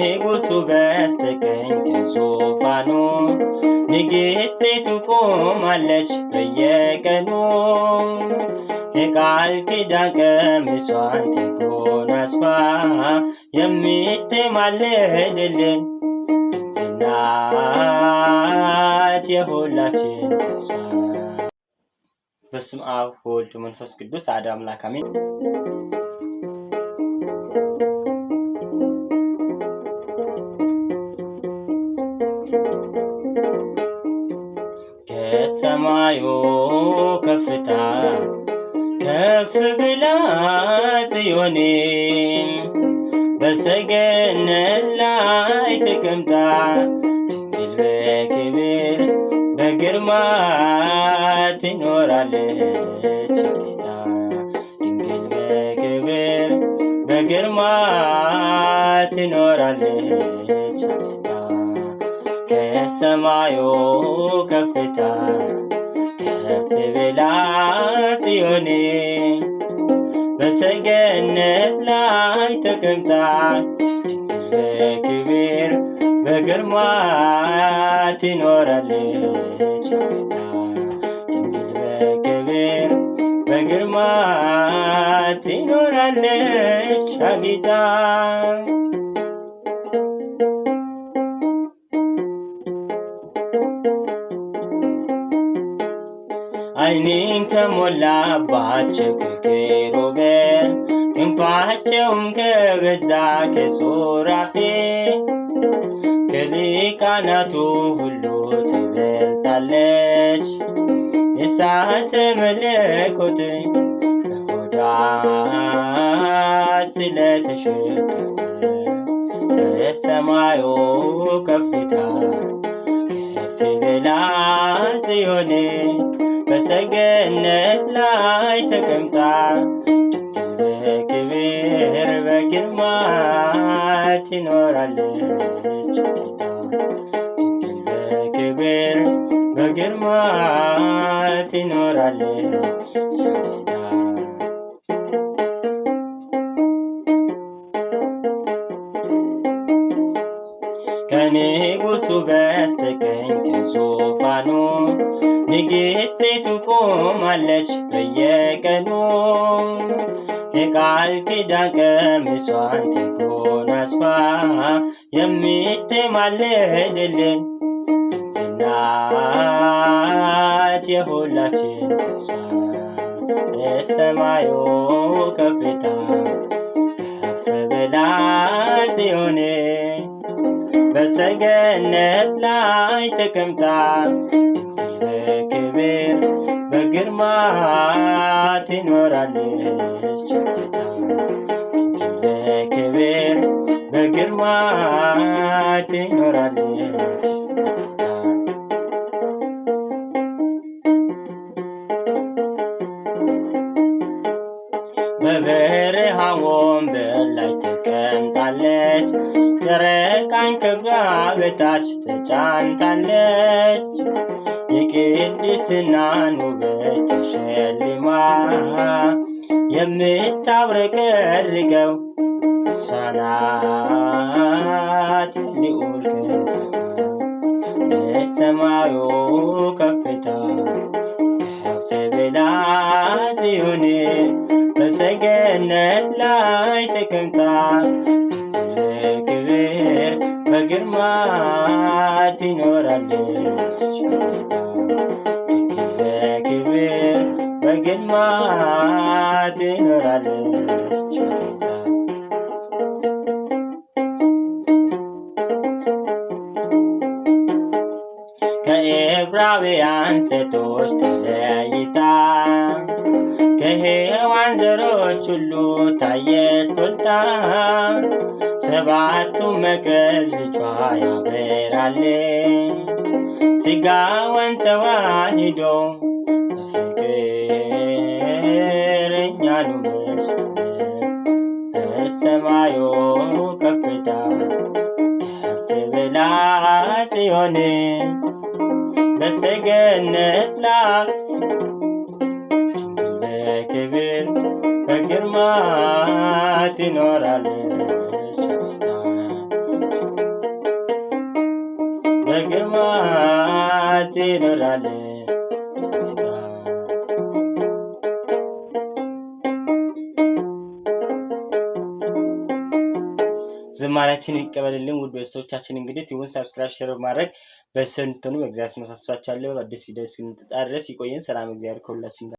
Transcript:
ንጉሱ በስተቀኝ ከዙፋኑ ንግሥቲቱ ቆማለች በየቀኑ የቃል ኪዳን ቀሚሷን ተጎናጽፋ የምትማልድልን ድንግል ናት የሁላችን ተስፋ። በስመ አብ ወወልድ መንፈስ ቅዱስ አሐዱ አምላክ አሜን። ከሰማዩ ከፍታ ከፍ ብላ ጽዮን በሰገነት ላይ ተቀምጣ ድንግል በክብር በግርማ ትኖራለች። ጌታ ድንግል በክብር በግርማ ትኖራለች። ከሰማዩ ከፍታ ከፍ ብላ ጽዮን በሰገነት ላይ ተቀምጣ በክብር በግርማ ትኖራለች። ድንግል በግርማ ትኖራለች አጊታ አይኔን ከሞላባት ከኪሩቤል ክንፋቸውም ከበዛ ከሱራፌል ከሊቃናቱ ሁሉ ትበልጣለች። እሳተ መለኮት በሆዷ ስለተሸከመ በሰማዩ ከፍታ ከፍ ብላ ሲሆን በሰገነት ላይ ተቀምጣ በክብር በግርማ ትኖራለች። በክብር በግርማ ትኖራለች። ከንጉሱ በስተቀኝ ከዙፋኑ ንግሥቲቱ ቆማለች በየቀኑ የቃል ኪዳን ቀሚሷን ተጎናጽፋ የምትማልድልን ድንግል ናት የሁላችን ተስፋ በሰማዩ ከፍታ ከፍ ብላ ጽዮን በሰገነት ላይ ተቀምጣ በክብር በግርማ ትኖራለች። በክብር በግርማ ትኖራለች። ተቀምጣለች፣ ጨረቃን ክብራ በታች ተጫንታለች። የቅድስናን ውበት ተሸልማ የምታብረቀርቀው እሷ ናት ልዑል ከተማ በሰማዩ ከፍታ ከፍ ብላ ጽዮን በሰገነት ላይ ተቀምጣ በግርማ ትኖራለች ክብር በግርማ ትኖራለች ከኤብራውያን ሴቶች ተለይታ ከሔዋን ዘሮች ሁሉ ታየች ጎልታ ሰባቱ መቅረዝ ልጇ ያበራል ሥጋዋን ተዋሂዶ በፍቅር እኛኑ መስሎ በሰማዩ ከፍታ ከፍ ብላ ጽዮን በሰገነት ላይ በክብር በግርማ ትኖራለች። ቸሪታ በግርማ ትኖራለ ይቀበልልን። ውድ ቤተሰቦቻችን እንግዲህ ቲዩቡን ሳብስክራይብ ሸር በማድረግ በሰንትኑ በእግዚአብሔር ስመሳስባቸዋለሁ። አዲስ ሂደት እስክንጠጣ ድረስ ይቆየን። ሰላም እግዚአብሔር ከሁላችን